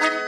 you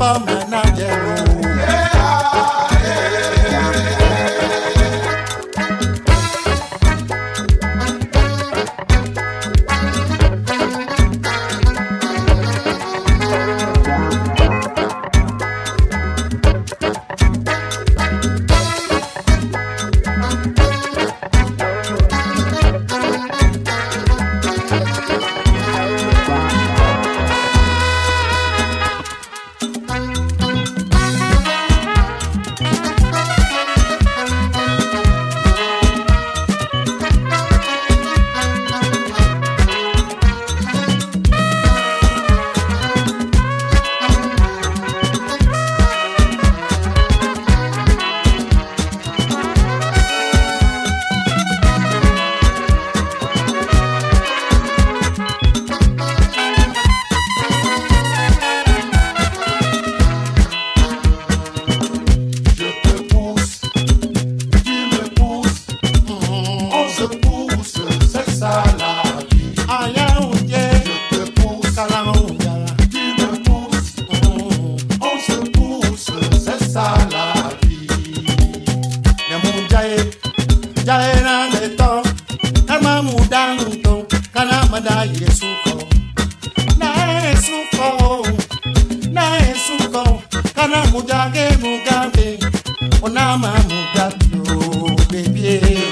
Mom. kana mujage mugambe onama mugabyo bebye